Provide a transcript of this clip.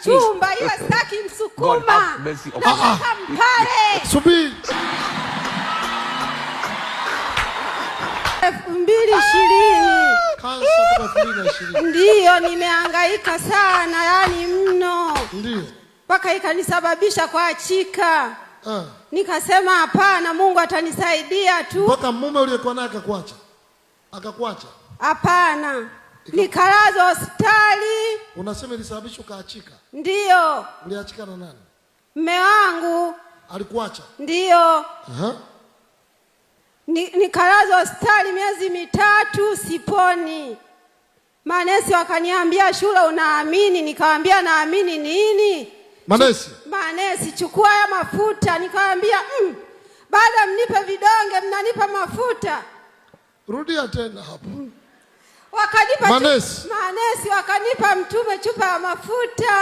mchumba, hiyo sitaki msukuma. Nataka ah, ah. mpare. Subiri. elfu mbili ishirini ndiyo nimehangaika sana, yani mno, mpaka ikanisababisha kuachika. Ah. Nikasema hapana, Mungu atanisaidia tu. Mpaka mume uliyekuwa naye akakuacha? Akakuacha? Hapana, nikalazwa hospitali Unasema ilisababisha ukaachika? Ndio. Uliachika na nani? Mme wangu. Alikuacha? Ndio. -huh. Ni, nikalazwa hospitali miezi mitatu siponi. Manesi wakaniambia shule, unaamini? nikawambia naamini. Nini manesi? Manesi, chukua ya mafuta. nikawambia mm, bado mnipe vidonge, mnanipa mafuta. Rudia tena hapo mm. Wakanipa manesi. Yesu akanipa mtume chupa ya mafuta.